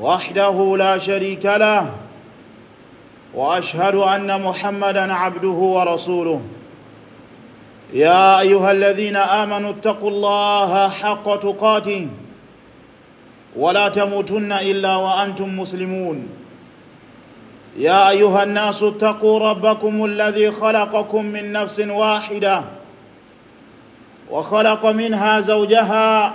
وحده لا شريك له وأشهد أن محمدا عبده ورسوله يا أيها الذين آمنوا اتقوا الله حق تقاته ولا تموتن إلا وأنتم مسلمون يا أيها الناس اتقوا ربكم الذي خلقكم من نفس واحدة وخلق منها زوجها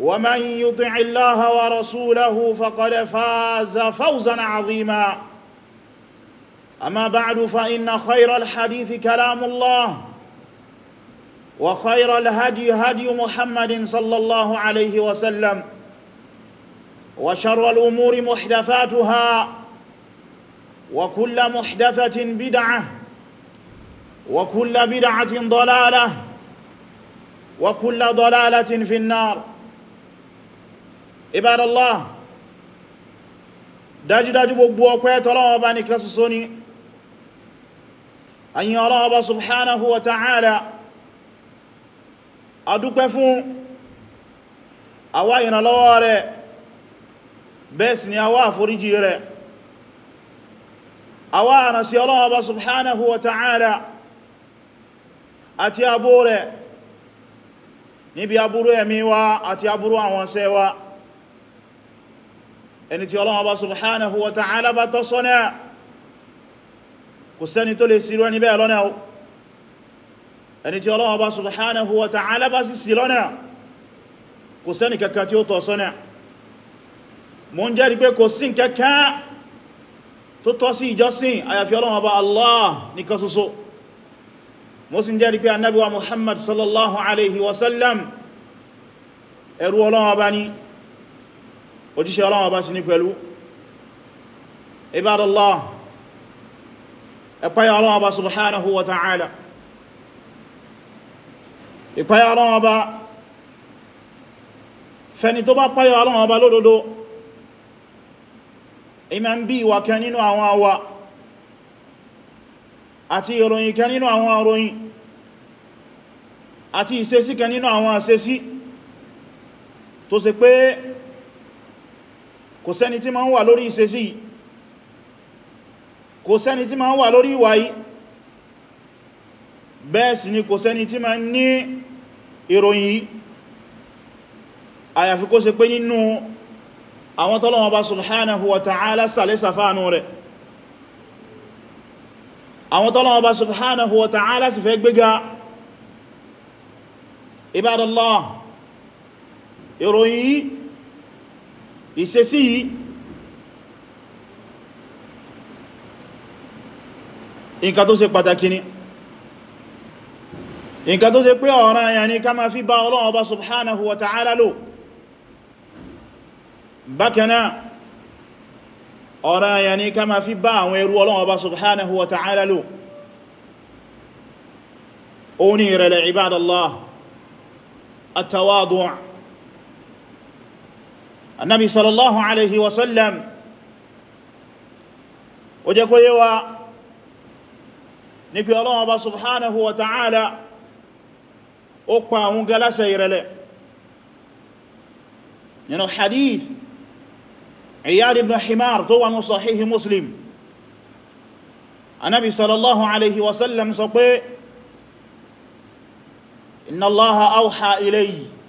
ومن يطع الله ورسوله فقد فاز فوزا عظيما أما بعد فإن خير الحديث كلام الله وخير الهدي هدي محمد صلى الله عليه وسلم وشر الأمور محدثاتها وكل محدثة بدعة وكل بدعة ضلالة وكل ضلالة في النار Ibadallah dájúdájú gbogbo ọpẹ́ tọ́lọ́wọ́ bá ní kásùsó ni ayin Ọlọ́hun bá subhanahu wa ta'ala a dúpẹ́ fún àwa ìrànlọ́wọ́ rẹ̀ bẹ́ẹ̀ sì ni àwa àforíjì rẹ̀ àwa àrànsí Ọlọ́hun bá subhanahu wa ta'ala àti àbúrẹ̀ níbi àbúrú ẹ̀mí wa àti àbúrú àwọn ṣẹ́wàá ẹni tí Ọlọ́hun Ọba subhanahu wa ta'ala bá tọ́ sọ́nà kò sẹ́ni tó lè sírò ẹni bẹ́ẹ̀ lọ́nà o ẹni tí Ọlọ́hun Ọba subhanahu wa ta'ala bá sì sí lọ́nà kò sẹ́ni kankan tí ó tọ́ sọ́nà mo ń jẹ́rìí pé kò sí kankan tó tọ́ sí ìjọsìn àyàfi Ọlọ́hun Ọba òjíṣẹ́ Ọlọ́run bá sí ní pẹ̀lú ibadallah ẹ̀páyà Ọlọ́run bá subhanahu wa ta'ala ìpáyà Ọlọ́run bá fẹni tó bá páyà Ọlọ́run bá lódodo ìmẹ́ ń bí ìwà kẹ nínú àwọn àwà àti ìròyìn kẹ nínú àwọn ìròyìn àti ìṣesí kẹ nínú àwọn ìṣesí tó ṣe pé kò sẹ́ni tí ma ń wà lórí ìṣesí kò sẹ́ni tí ma ń wà lórí ìwà yìí bẹ́ẹ̀ sì ni kò sẹ́ni tí ma ń ní ìròyìn yìí àyàfi kó ṣe pé nínú àwọn tọ́lọ́wọ́ bá subhanahu wa ta'ala sàlẹ́sà fánú rẹ̀ àwọn tọ́lọ́wọ́ bá subhanahu wa ta'ala sì fẹ́ gbéga ibadallah ìròyìn yìí ìṣesí yìí nǹkan tó ṣe pàtàkì ni nǹkan tó ṣe pé ọ̀ràn àyà ni ká ma fi bá Ọlọ́run Ọba subhanahu wa ta'ala lò bákanáà ọ̀ràn àyà ni ká ma fi bá àwọn ẹrú Ọlọ́run Ọba subhanahu wa ta'ala lò ó ìrẹ̀lẹ̀ ibadallah at-tawadu' annabi sallallahu alaihi wasallam ó jẹ́ kó yé wa ní pé Ọlọ́run Ọba subhanahu wa ta'ala ó pa àwọn galásẹ̀ ìrẹ̀lẹ̀ nínú hadith Iyad ibn Himar tó wà ní sahihi Muslim annabi sallallahu alaihi wasallam sọ pé inna allaha awha ilayya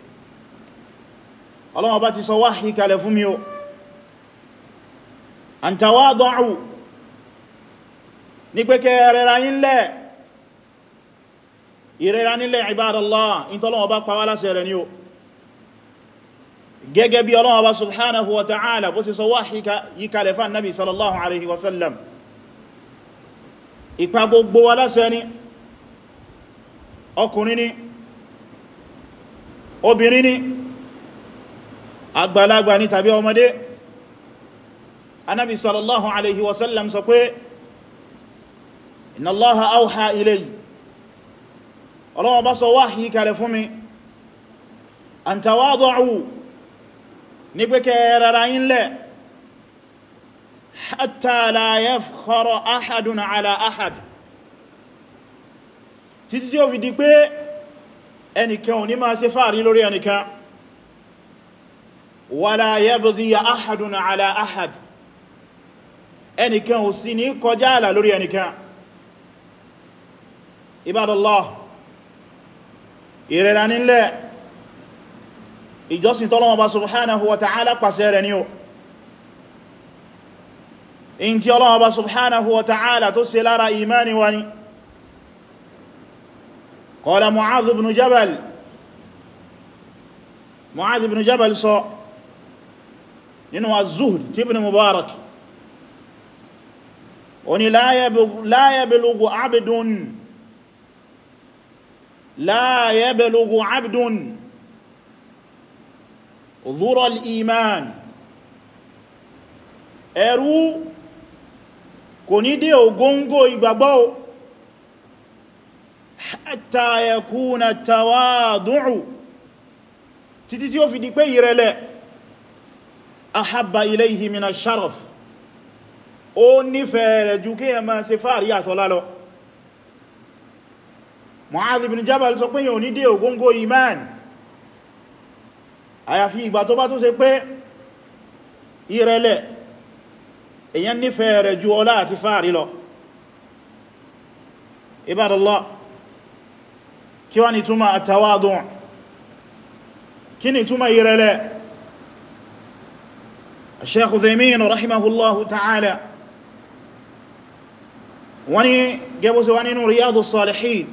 ọlọ́wọ́ bá ti sọ wáhí kalẹ̀ fún mi o an tawadu ní pé kẹ rẹra nílẹ̀ ìrẹra nílẹ̀ ibadallah in tọ́lọ́wọ́ bá pàwà lásẹ̀ rẹ̀ ni o gẹ́gẹ́ bí ọlọ́wọ́ bá subhanahu wa ta'ala bó sì sọ yí kalẹ̀ fún nabi sallallahu ìpa gbogbo wa ni ọkùnrin ni obìnrin ni àgbàlagbà ní tàbí ọmọdé anábi sallallahu alaihi wasallam sọ pé inna Allaha awha ilayya ọlọ́wọ́ bá sọ wáhí kalẹ̀ fún mi an tawadu ní pé kẹrara yín lẹ̀ hatta la yafkhara ahadun ala ahad títí tí ó fi di pé ẹnìkan ò ní máa ṣe fàárí lórí ẹnìkan wala yabghi ahadun ala ahad ẹnìkan ò sí ní kọjá àlà lórí ẹnìkan ibadallah ìrẹ̀lá nílẹ̀ ìjọsìn tọ́lọ́wọ́ bá subhanahu wa ta'ala pàṣẹ rẹ̀ ni o in tí Ọlọ́run Ọba subhanahu wa ta'ala tó ṣe lára imani wani qala Mu'adh ibn Jabal Mu'adh ibn Jabal so, nínú az-zuhd tí Ibn Mubarak ó ní la yablughu abdun la yablughu abdun dhura al-iman ẹrú kò ní dé ògóngó ìgbàgbọ́ hatta yakuna tawadu'u títí tí ó fi di pé ìrẹ̀lẹ̀ ahabba ilayhi min al-sharaf ó nífẹ̀ẹ́ rẹ̀ ju kí ẹ máa ṣe fàárí àtọ́lá lọ Mu'adh ibn Jabal sọ pé yíò ní dé ògóngó iman àyàfi ìgbà tó bá tó ṣe pé ìrẹ̀lẹ̀ èyàn nífẹ̀ẹ́ rẹ̀ ju ọlá àti fàárí lọ Ibadallah kí wá ni túmọ̀ at-tawadu' kí ni túmọ̀ ìrẹ̀lẹ̀ الشيخ ذيمين رحمه الله تعالى وني جابوا سوانين رياض الصالحين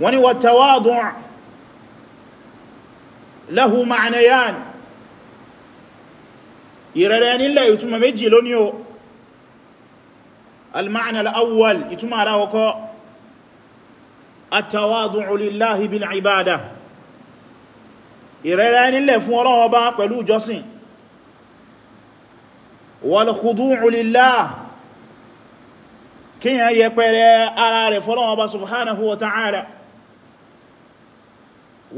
وني والتواضع له معنيان يرانين الله يتم مجي لونيو المعنى الأول يتم على وقاء التواضع لله بالعبادة ìrẹ́ra ẹnilẹ̀ fún Ọlọ́run Ọba pẹ̀lú ìjọsìn wal khudu'u lillah kíyàn yẹ pẹ̀rẹ ara rẹ̀ fọ́lọ́run Ọba subhanahu wa ta'ala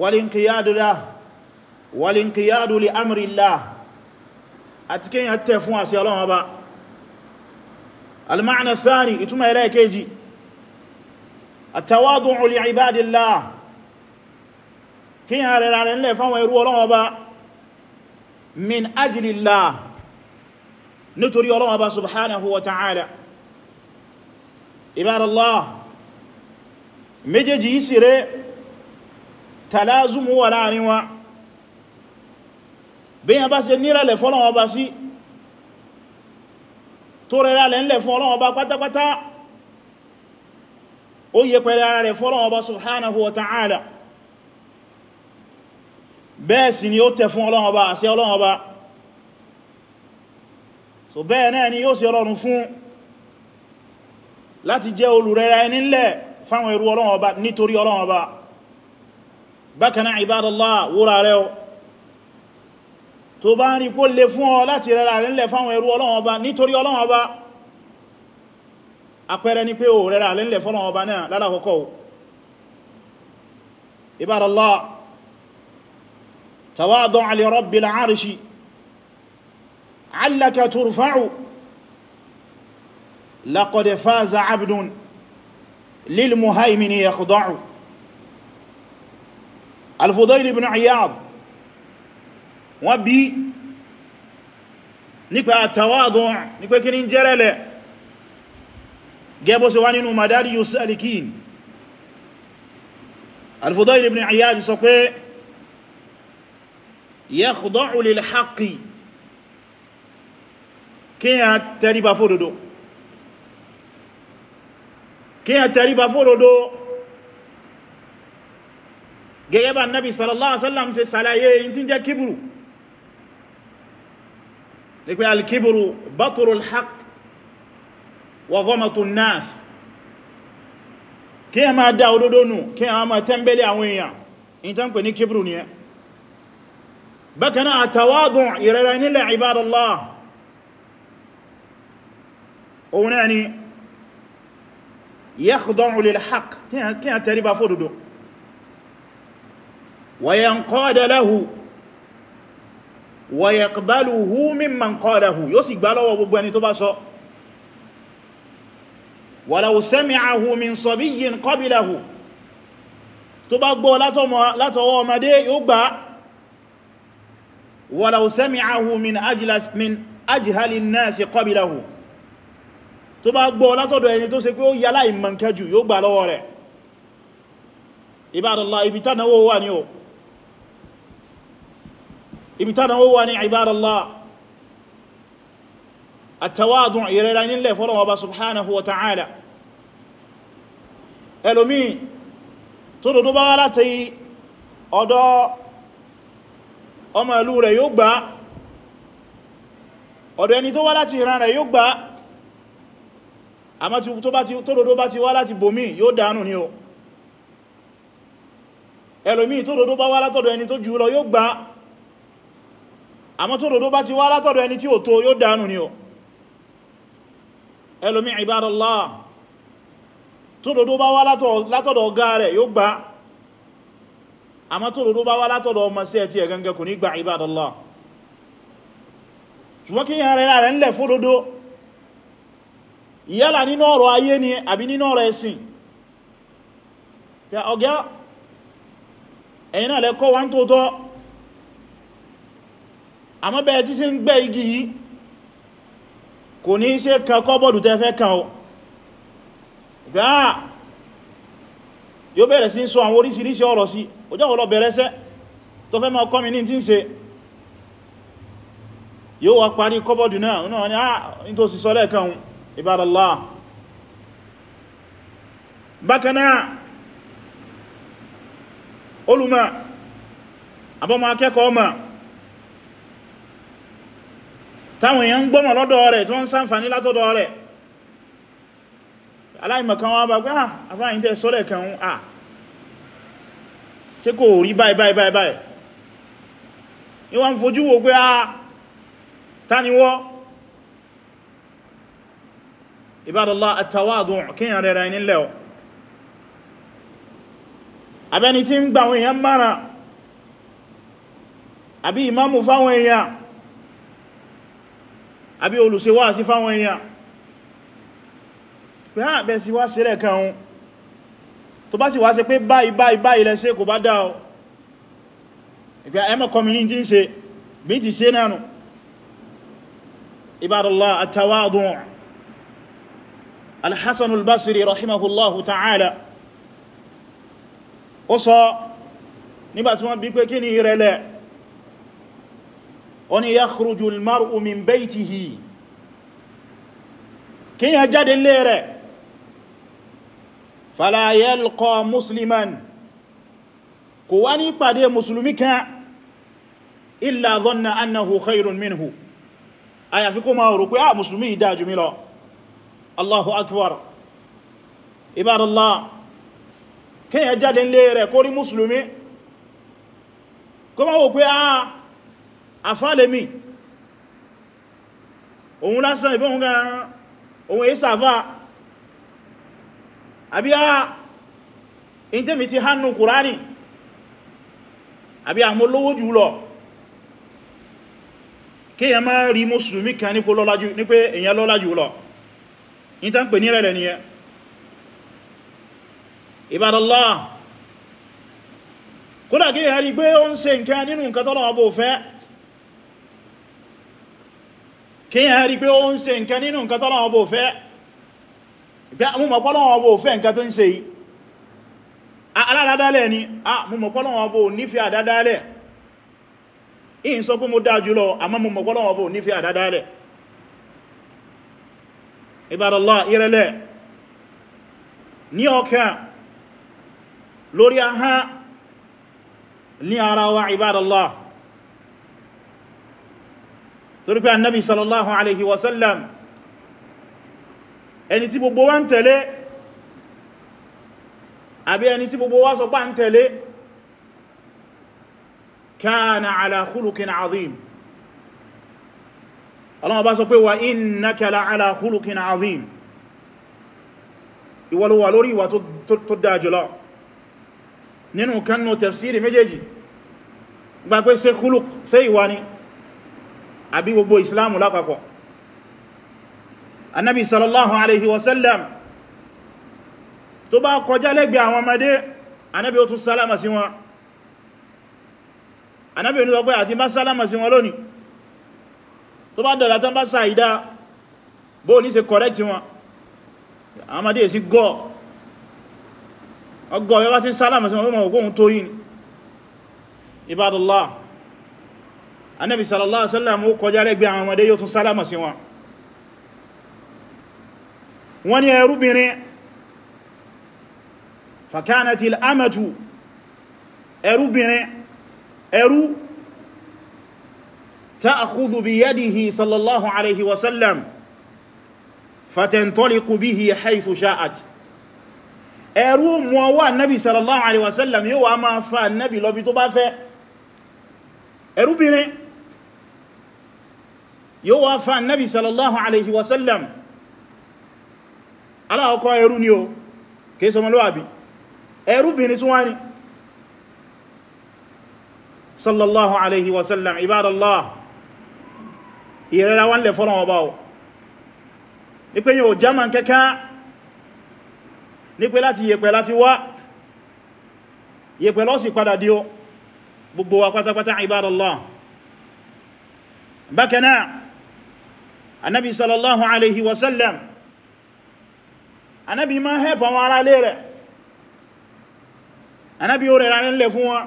wal inqiyadu lah wal inqiyadu li amrillah àti kíyàn tẹ̀ fún àṣẹ Ọlọ́run Ọba al-ma'na thani ìtumọ̀ ẹlẹ́ẹ̀kejì at-tawadu'u kí yàn rẹ̀ rẹ̀ lẹ́ fáwọn irú ọlọ́wọ́ bá min ajìlì ajilillah nítorí Ọlọ́run Ọba subhanahu wa ta'ala ibadallah méjèèjì yìí sí rẹ̀ tàlázùmú wà láàrin wa bí yàn bá ṣe nírẹ̀lẹ̀ fọ́lọ́run fọ́lọ́wọ́ bá tó rẹ̀ rẹ̀ lẹ́ fún Ọlọ́run pátápátá ó yẹ pẹ̀lẹ̀ ara rẹ̀ fọ́lọ́run Ọba subhanahu wa ta'ala bẹ́ẹ̀ sì ni ó tẹ fún Ọlọ́run Ọba àṣẹ Ọlọ́run Ọba so bẹ́ẹ̀ náà ni yóò ṣe Ọlọ́run fún láti jẹ́ olùrẹ́ra ẹni nílẹ̀ fáwọn ẹrú Ọlọ́run Ọba nítorí Ọlọ́run Ọba bákan náà ibadallah wúra rẹ̀ o tó bá ń rí kó lè fún ọ láti rẹ́ra rẹ̀ nílẹ̀ fáwọn ẹrú Ọlọ́run Ọba nítorí Ọlọ́run Ọba àpẹẹrẹ ni pé ò rẹ́ra rẹ̀ nílẹ̀ fọ́lọ́run Ọba náà lálàkọ́kọ́ ibadallah تواضع لرب العرش علك ترفع لقد فاز عبد للمهيمن يخضع الفضيل بن عياض وبي nípa tàwádùn nípa kí ní jẹ́rẹ̀lẹ̀ gẹ́bọ́ sí wá nínú madari yusuf alikin al-Fudayl ibn Iyad sọ pé yakhda'u lil haqqi kí a tẹríba fódodo kí a tẹríba fódodo gẹ́gẹ́ bá nábi sallallahu alaihi wasallam ṣe sàlàyé yìí tí ń jẹ́ kíbùrù ní pé alkíbùrù baturul haq wa ghamatun nas kí a máa dá òdodo nù kí a máa tẹ́mbẹ̀lẹ̀ àwọn èèyàn in ní kíbùrù ni ẹ bákaná àtàwádùn ìrẹ̀rẹ̀ nílẹ̀ ìbádọ́lá òun náà ni yakhda'u lil haqq kí a tẹ́rí bá fòdòdó wa yanqada lahu wa yaqbaluhu mimman qalahu yóò sì gbá lọ́wọ́ gbogbo ẹni tó bá sọ walau sami'ahu min sabiyyin qabilahu tó bá gbọ́ látọwọ́ ọmọdé yóò gbàá walau sami'ahu min ajlas min ajhali an-nasi qabilahu tó bá gbọ́ látọ̀dọ̀ ẹni tó ṣe pé ó yálà ìmọ̀nkẹjù yóò gbà lọ́wọ́ rẹ̀ ibadallah ibi tánàwó wà ní o ibi tánàwó wà ní ibadallah àtàwádùn ìrẹ́ra nílẹ̀ fọ́lọ̀wọ́ bá subhanahu wa ta'ala ẹlòmí tó dòdó bá wá láti ọ̀dọ̀ ọmọ ìlú rẹ̀ yóò gbà ọ̀dọ̀ ẹni tó wá láti ìran rẹ̀ yóò gbà àmọ́ tó dodo bá ti wá láti bòmí yóò dánù ní o ẹlòmí tó dodo bá wá látọ̀dọ̀ ẹni tó jù lọ yóò gbà àmọ́ tó dodo bá ti wá látọ̀dọ̀ ẹni tí ò tó yóò dánù ní o ẹlòmí ibadallah àmọ́ tó lòdó bá wá látọ̀dọ̀ ọmọ sí ẹ̀ tí ẹ̀ gangan kò ní gbà ibadallah ṣùgbọ́n kí yàn rẹ̀ rẹ̀ ń lẹ̀ fódódó ìyálà nínú ọ̀rọ̀ ayé ni àbí nínú ọ̀rọ̀ ẹ̀sìn pẹ̀ ọ̀gá náà yóò bẹ̀rẹ̀ sí sọ àwọn orísìírísìí ọ̀rọ̀ sí ọjọ́ ọ̀lọ́ bẹ̀rẹ̀ sẹ́ tó fẹ́ máa kọ́mì ní tí ń ṣe yóò wá parí kọ́bọ̀dù náà náà ni àà ní ah, tó sì sọ lẹ́ẹ̀kan ìbádàlá aláìmọ̀kan wọ́n bá gbá ah, àfáàyí tẹ́ sọ́lẹ̀ kan à ah, ṣe kò rí báyìí báyìí báyìí báyìí ni wọ́n fojú wo pé ah, a tániwọ́ ibadallah at-tawadu' kíyàn rẹ̀ rẹ̀ nílẹ̀ ọ abẹni tí ń gbàwọn èèyàn mara àbí imamu fáwọn èèyàn àbí olùṣewáàsí fáwọn èèyàn pé á ah, bẹ́ sí wá sílẹ̀ kan ohun tó bá sì wá ṣe pé báyìí báyìí báyìí lẹ́ṣẹ́ kò bá dáa o ìgbà ẹmọ kọmìnì tí ń ṣe bí ti ṣe náà nù ibadallah at-tawadu' al-Hasan al-Basri rahimahullahu ta'ala ó sọ nígbàtí wọ́n bi pé kí ni ìrẹ̀lẹ̀ ó ní yakhruju maru min baytihi kíyàn jáde lé rẹ̀ fala yalqa musliman kò wá ní pàdé musulmi kan illa dhanna annahu khairun minhu àyàfi kó máa rò pé a ah, musulmi dájú mi lọ allahu akbar ibadallah kíyà jáde nílé rẹ̀ kó rí musulmi kó máa wò pé a ah, afálemi òun lásán ìbọn òun gan òun àbí a ah, in tèmi ti hannu kùránì àbí àwọn ah, olówó jùlọ kí èyàn máa rí mùsùlùmí kan ní pé èyàn lọ́lá jùlọ in tán pè ní rẹ̀rẹ̀ ni ẹ Ibadallah kódà kí èyàn rí pé ó ń ṣe nǹkan nínú nǹkan tọ́lọ́wọ́ bó fẹ́ kí èyàn rí pé ó ń ṣe nǹkan nínú nǹkan tọ́lọ́wọ́ bó fẹ́ pé mú mọ̀ pọ́lọ́wọ́ ọbọ̀ òfẹ́ nǹkan tó ń ṣe yìí aládádálẹ̀ ni a mú mọ̀ pọ́lọ́wọ́ ọbọ̀ nífẹ́ àdádálẹ̀ in sọ pé mo dáa jùlọ àmọ́ mú mọ̀ ní ọkàn lórí ahán ní ara wa ibadallah torípé annabi sallallahu alaihi wasallam ẹni tí gbogbo wa ń tẹ̀lé àbí ẹni tí gbogbo wa sọ pá ń tẹ̀lé kana ala khuluqin azim ọlọ́wọ́ bá sọ pé wa innaka la ala khuluqin azim ìwọlúwà lórí ìwà tó dáa jùlọ nínú kannu tafsiri méjèèjì gbà pé ṣe khuluq ṣe ìwà ni àbí gbogbo ìsìláàmù lápapọ̀ annabi sallallahu alaihi wasallam tó bá kọjá lẹ́gbẹ̀ẹ́ àwọn ọmọdé annabi ó tún sálámà sí wọn annabi ó ní ọgbẹ́ àti bá sálámà sí wọn lónìí tó bá dọ̀lá tán bá sàìdá bó ní ṣe correct wọn àwọn ọmọdé sí gọ́ ọgọ́ yọ bá ti sálámà sí wọn mọ̀ tó yìí ibadullah annabi sallallahu alaihi wasallam ó kọjá lẹ́gbẹ̀ẹ́ àwọn ọmọdé yóò tún sálámà sí wọn wọ́n ní ẹrúbìnrin fàkánàtí al'amatu ẹrúbìnrin ẹrú ta'khudhu biyadihi sallallahu alaihi wasallam fatantaliqu bihi haythu sha'at ẹrú mú ọwọ́ annabi sallallahu alaihi wasallam yóò wá máa fa annabi lọ́bi tó bá fẹ́ ẹrúbìnrin yóò wá fa annabi sallallahu alaihi wasallam aláwọ̀kọ́ ẹrú ni o kìí sọ ọmọlúwàbí ẹrúbìnrin tún wá ní sallallahu alaihi wasallam ibadallah ìrẹ́ra wọ́n lè fọ́nà ọba o ní pé yíò jama kẹ́kẹ́ ní pé láti yẹ̀pẹ̀ láti wá yẹ̀pẹ̀ lọ́sì padà díò gbogbo wa pátápátá ibadallah bákanáà annabi sallallahu alaihi wasallam anábi máa hẹ́pọ̀ àwọn ará lé rẹ̀ anábi ó rẹ̀ra nílẹ̀ fún wọn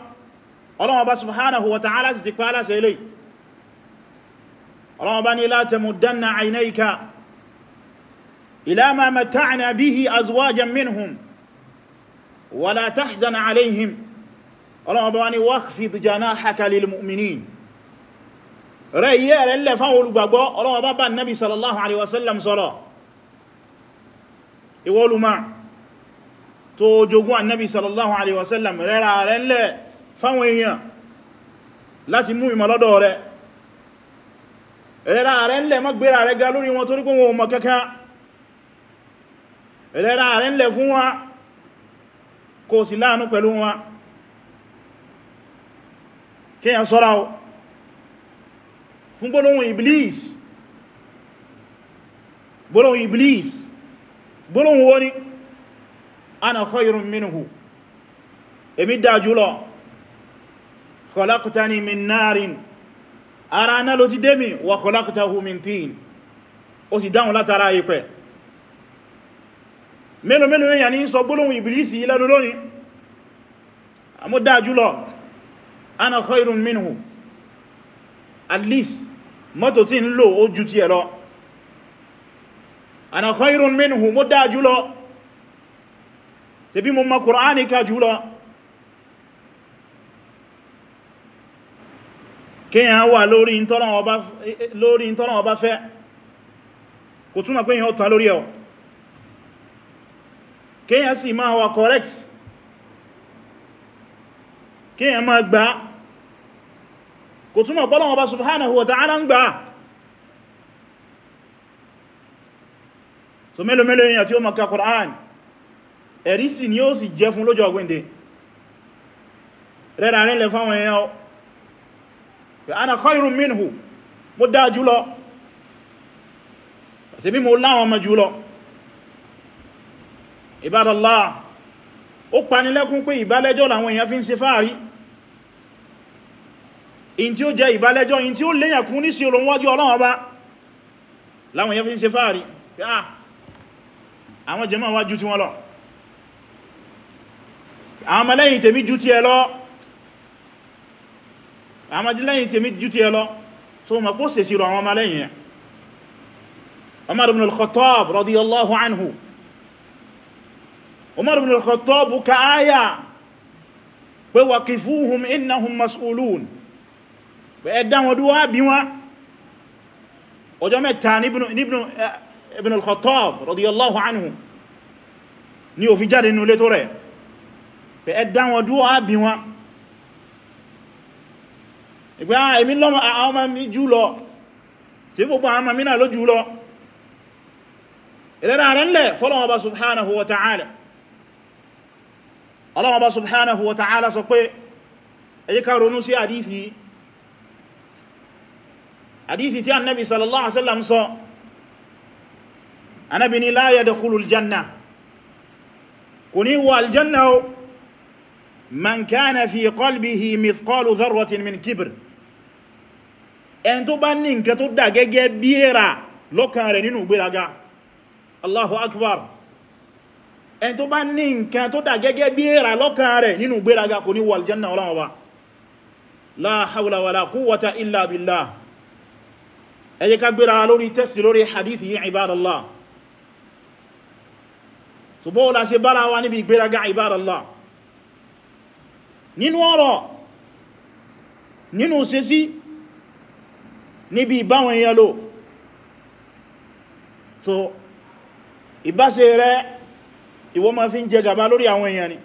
Ọlọ́hun Ọba subhanahu wa ta'ala sì ti pa aláṣẹ ilé Ọlọ́hun Ọba ní la tamuddanna aynayka ila ma mata'na bihi azwajan minhum wa la tahzan alayhim Ọlọ́hun Ọba ní wakhfid janahaka lil mu'minin rẹ̀ yẹ́ rẹ̀ lẹ́fà olùgbàgbọ́ Ọlọ́hun Ọba bá nabi sallallahu alaihi wasallam sọ̀rọ̀ ìwọ́lùmá tó jogún annabi sallallahu alaihi wasallam rẹ́ra rẹ̀ ńlẹ̀ fáwọn èèyàn láti mú ìmọ̀ lọ́dọ̀ rẹ̀ rẹ́ra rẹ̀ ńlẹ̀ má gbéra rẹ̀ ga lórí wọn torí pé wọn ò mọ̀ kankan rẹ́ra rẹ̀ ńlẹ̀ fún wa kò sì láàánú pẹ̀lú wọn kíyàn sọ́ra o fún gbólóhùn iblis gbólóhùn wọ́n ni ana khayrun minhu èmi dájú lọ khalaqtani min narin ara náà ló ti dé mi wa khalaqtahu min tin ó sì dáhùn látara ipẹ̀ mélòó mélòó èyàn ní sọ gbólóhùn ìbìlìsì lẹ́nu lónìí àmọ́ dájú lọ ana khairun minhu mo dáa jùlọ ṣe bí mo ma Kùránì ká jùlọ kíyàn wà lórí ìtọ́nà eh, eh, ọba fẹ́ kò túnmà pé yàn ọ̀ta lórí ẹ̀ kíyàn sì máa wà correct kíyàn máa gbá kò túnmà pé Ọlọ́run Ọba subhanahu wa ta'ala ń gbàá so mélòó mélòó èyàn tí ó máa ka Qur'an ẹ̀rí sì ni ó sì jẹ́ fún lọ́jọ́ ọgbẹ́ndẹ̀ rẹ́ra rẹ́ lẹ fáwọn èyàn o ana khairun minhu mo dá jùlọ ṣe bí mo láwọn ọmọ jùlọ Ibadallah ó panilẹ́kún pé ìbálẹ́jọ́ làwọn èyàn fi ń ṣe fáàrí in tí ó jẹ ìbálẹ́jọ́ in tí ó léyàkún ní sí olóńwájú Ọlọ́run ọba láwọn èyàn fi ń ṣe fáàrí ah àwọn jẹmọ́ wá ju ti wọn lọ àwọn ọmọlẹ́yìn tèmi ju ti ẹ lọ àwọn ọmọlẹ́yìn tèmi ju ti ẹ lọ so mọ̀ kó sèsì rọ àwọn ọmọlẹ́yìn ẹ̀ Umar ibn al-Khattab radiyallahu anhu Umar ibn al-Khattab ka aya pé waqifuhum innahum mas'ulun ẹ̀dá wọn dúwà bí wọn ọjọ́ mẹ́ta ní ibn al-Khattab radiyallahu anhu ní ó fi jáde nínú ilé tó rẹ̀ pé ẹ dá wọn dúró á bí wọn ìgbé àwọn ah, èmi lọ́mọ àwọn ọmọ mi jù lọ sí gbogbo àwọn ọmọ mi náà ló jù lọ ìrẹ́rẹ́ rẹ̀ ńlẹ̀ fọ́lọ́wọ́ bá subhanahu wa ta'ala ọlọ́wọ́ bá subhanahu wa ta'ala sọ pé ẹ jẹ́ ká ronú sí àdífì àdífì annabi sallallahu alaihi wasallam sọ anábi ni la yadkhulul janna kò ní wọ aljanna o man kana fi qalbihi mithqalu dharratin min kibr ẹn tó bá ní nǹkan tó dà gẹ́gẹ́ bí èèrà lọ́kàn rẹ̀ nínú gbéraga Allahu akbar ẹn tó bá ní nǹkan tó dà gẹ́gẹ́ bí èèrà lọ́kàn rẹ̀ nínú gbéraga kò ní wọ aljanna ọlọ́wọ́ ba la hawla wala quwwata illa billah ẹ jẹ́ gbéra lórí tẹ́sì lórí hadithi yìí ibadallah so bó la ṣe bára wa níbi ìgbéraga ibadallah nínú ọ̀rọ̀ nínú ṣesí níbi ìbáwọn èèyàn lò so ìbáṣe rẹ ìwọ ma fi ń jẹ gàba lórí àwọn èèyàn ni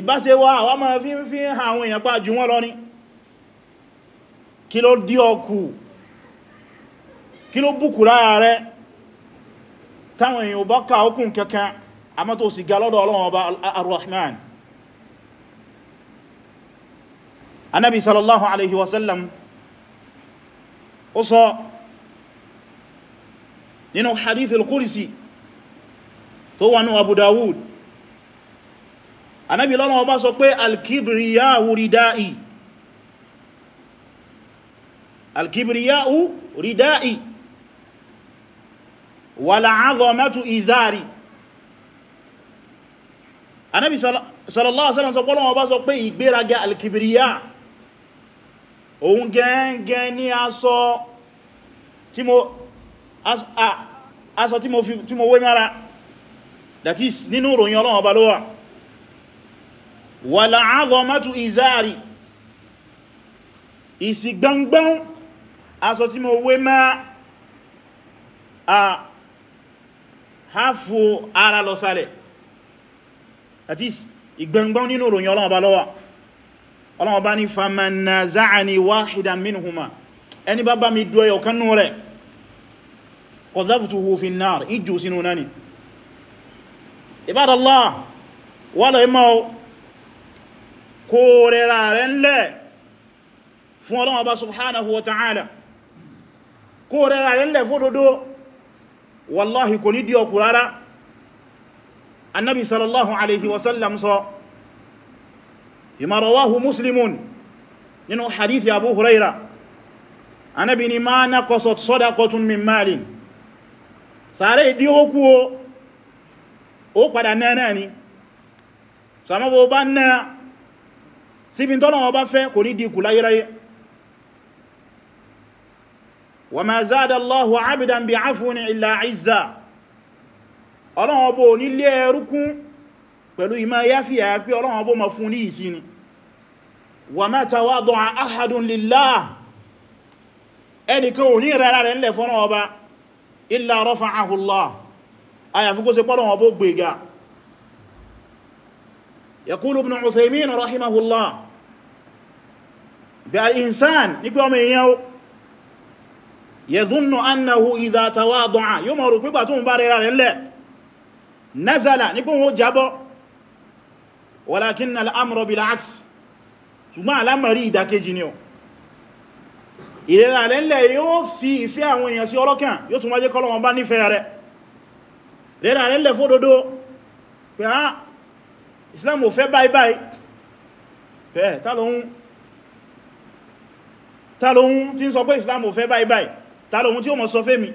ìbáṣe wa àwa ma fi ń fi ń ha àwọn èèyàn pa jù wọ́n lọ ni kí ló dí ọkù kí ló bùkù lára rẹ̀ táwọn èèyàn bá ká okùn kankan a mọ́ tó sì ga lọ́dọ̀ Ọlọ́run ọba ar-Rahman anábi sallallahu alaihi wasallam ó sọ nínú hadith al-Qudsi tó wà ní Abu Dawud anábi lọ́lọ́wọ́ bá sọ pé al-kibriya'u ridai al wàlá azọmẹ́tù ìzáàrí anábi sallallahu alaihi wasallam sọpọ́lọ́wọ́ bá sọ pé ìgbéraga alkibiriya òun gẹ́ẹ̀gẹ́ ní aṣọ tí mo wé mara that is nínú ìròyìn ọlọ́wọ́ bá lówà wàlá azọmẹ́tù ìzáàrí ìsì gbangban aṣọ tí mo wé mara hafu ara lọ sálẹ̀ that is ìgbẹ̀ngbọ́n nínú ìròyìn ọlọ́ọ̀bá lọ́wà ọlọ́ọ̀bá ní famanna za'ani wahidan minhuma ẹni bá bá mi dúọ yọ kannú rẹ̀ qadhabtuhu fin nar ìjù sínú náni ibadallah wà lọ imọ́ kó rẹ̀rà wallahi kò ní dí ọkù rárá annabi sallallahu alaihi wasallam sọ ìmọ̀rọ̀wáhu muslimun nínú hadithi abu huraira annabi ni ma na kọsọ̀ sọ́dakọtun min malin sàárẹ̀ ìdí okú o ó padà náà ni sàmọ́bọ̀ bá náà síbi ọba fẹ́ kò ní dí kù láyéráyé وما زاد الله عبدا بعفو الا عزا ọlọ́run ọbọ̀ onílé ẹrúkún pẹ̀lú ìmá yáfí àyàfí ọlọ́run ọbọ̀ ma fún ní ìsini wa ma tawadu'a ahadun lillah ẹnìkan ò ní ìrẹ́ra rẹ̀ nílẹ̀ fọ́nà ọba illa rafa'ahu Allah àyàfí kó ṣe pọ́lọ̀wọ̀n ọbọ̀ gbèga yaqulu ọmọ èèyàn yẹ̀zúnnù annahu idha tawadu'a yóò mọ̀ rò pípà tó ń bá rẹ̀ rẹ̀ lẹ̀ nazala ní pé wọ́n jábọ́ walakin al'amru bil aks ṣùgbọ́n alamari ìdákejì ni ọ ìrẹ́ra rẹ̀ lẹ̀ yóò fi ìfẹ́ àwọn èèyàn sí ọlọ́kàn yóò tún wájé kọ́lọ̀ wọn bá nífẹ́ rẹ̀ rẹ̀ra rẹ̀ lẹ̀ ta lóhun tí ó mọ̀ sọ fẹ́ mi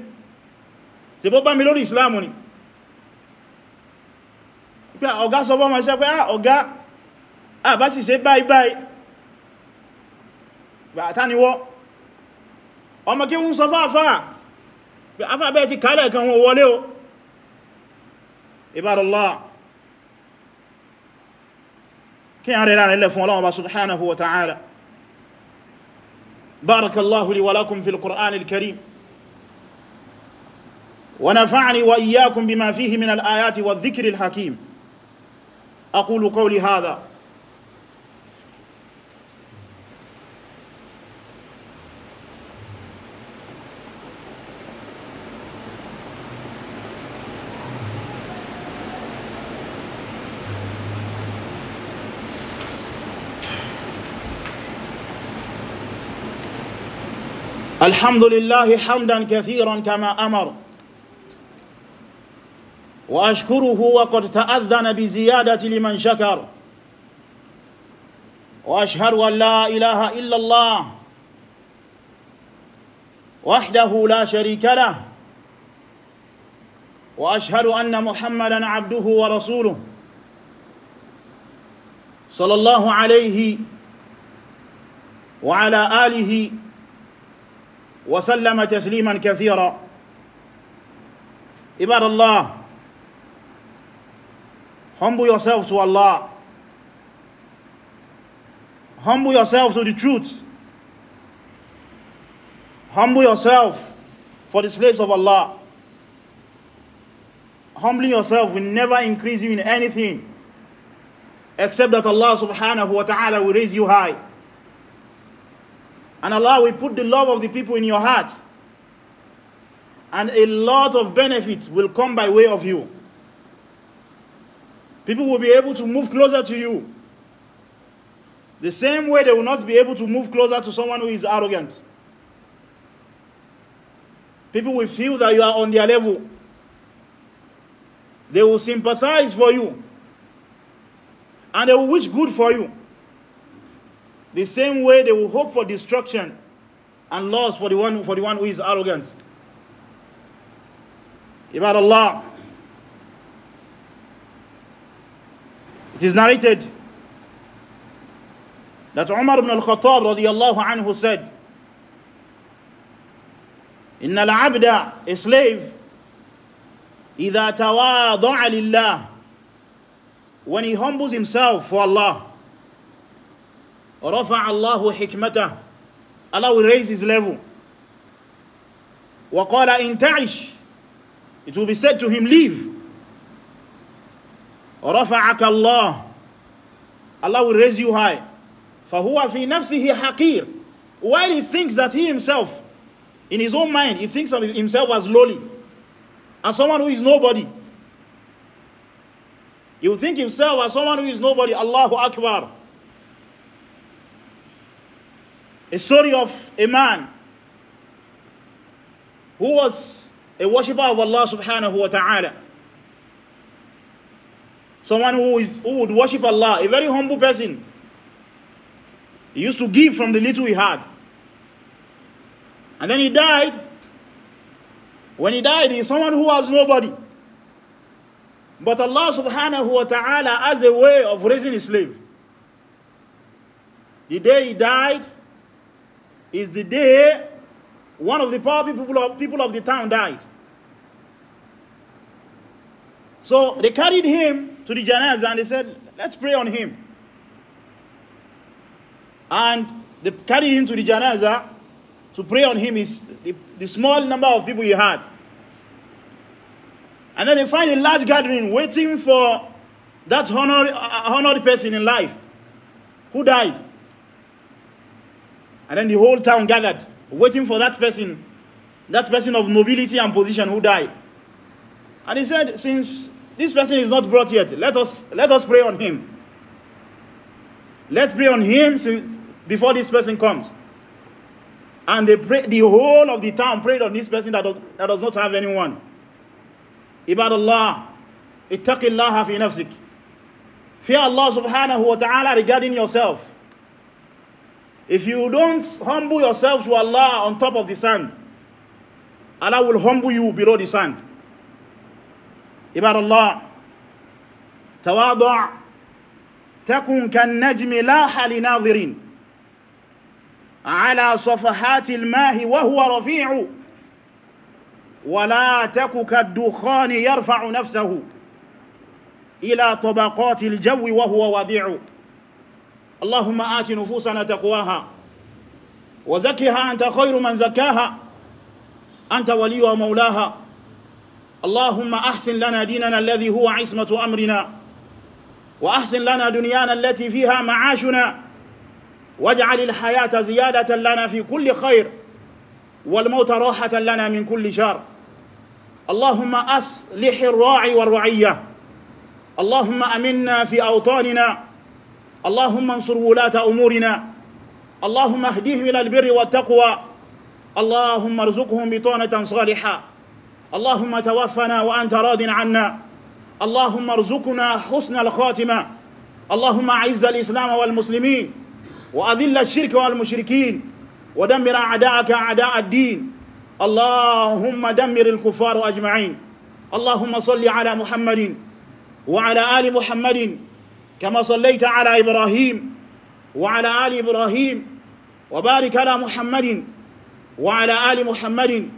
ṣe bó bá mi lórí islamu ni pé ọ̀gá sọ bọ́ ma ṣe pé ah, ọ̀gá àbá sì ṣe báyìí báyìí àtàniwọ́ ọmọ kí ń sọ fáfáà pé afábẹ́ ti بارك الله لي ولكم في القرآن الكريم ونفعني وإياكم بما فيه من الآيات والذكر الحكيم أقول قولي هذا الحمد لله حمدا كثيرا كما أمر وأشكره وقد تأذن بزيادة لمن شكر وأشهد أن لا إله إلا الله وحده لا شريك له وأشهد أن محمدا عبده ورسوله صلى الله عليه وعلى آله وعلى آله وسلم تسليما كثيرا عباد الله humble yourself to Allah humble yourself to the truth humble yourself for the slaves of Allah humbling yourself will never increase you in anything except that Allah subhanahu wa ta'ala will raise you high And Allah will put the love of the people in your heart. And a lot of benefits will come by way of you. People will be able to move closer to you. The same way they will not be able to move closer to someone who is arrogant. People will feel that you are on their level. They will sympathize for you. And they will wish good for you. The same way they will hope for destruction and loss for the one, for the one who is arrogant. About Allah. It is narrated that Umar ibn al-Khattab radiyallahu anhu said, إن العبد a slave إذا تواضع لله when he humbles himself for Allah rafa'a Allahu hikmata Allah will raise his level wa qala in ta'ish it will be said to him leave rafa'aka Allah Allah will raise you high fahuwa fi nafsihi haqir while he thinks that he himself in his own mind he thinks of himself as lowly as someone who is nobody he will think himself as someone who is nobody Allahu Akbar a story of a man who was a worshipper of Allah subhanahu wa ta'ala. Someone who, is, who would worship Allah, a very humble person. He used to give from the little he had. And then he died. When he died, he is someone who has nobody. But Allah subhanahu wa ta'ala has a way of raising his slave. The day he died, is the day one of the poor people of, people of the town died. So they carried him to the janazah and they said, let's pray on him. And they carried him to the janazah to pray on him is the, the small number of people he had. And then they find a large gathering waiting for that honored, uh, honored person in life who died. And then the whole town gathered, waiting for that person, that person of nobility and position who died. And he said, Since this person is not brought yet, let us, let us pray on him. Let's pray on him since, before this person comes. And they pray, the whole of the town prayed on this person that, does, that does not have anyone. Ibadallah, ittaqillaha fi nafsik. Fear Allah subhanahu wa ta'ala regarding yourself. If you don't humble yourselves to Allah on top of the sand, Allah will humble you below the sand. Ibad Allah, tawadu' takun kan najmi laha li nadhirin ala safahati al-mahi wa huwa rafi'u wa la taku kad-dukhani yarfa'u nafsahu ila tabaqati al-jawi wa huwa wadi'u اللهم آت نفوسنا تقواها وزكها أنت خير من زكاها أنت ولي ومولاها اللهم أحسن لنا ديننا الذي هو عصمة أمرنا وأحسن لنا دنيانا التي فيها معاشنا واجعل الحياة زيادة لنا في كل خير والموت راحة لنا من كل شر اللهم أصلح الراعي والرعية اللهم أمنا في أوطاننا اللهم انصر ولاة أمورنا اللهم اهديهم إلى البر والتقوى اللهم ارزقهم بطانة صالحة اللهم توفنا وأنت راض عنا اللهم ارزقنا حسن الخاتمة اللهم أعز الإسلام والمسلمين وأذل الشرك والمشركين ودمر أعداءك أعداء الدين اللهم دمر الكفار أجمعين اللهم صل على محمد وعلى آل محمد كما صليت على إبراهيم وعلى آل إبراهيم وبارك على محمد وعلى آل محمد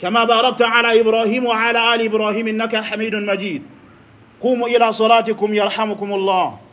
كما باركت على إبراهيم وعلى آل إبراهيم إنك حميد مجيد قوموا إلى صلاتكم يرحمكم الله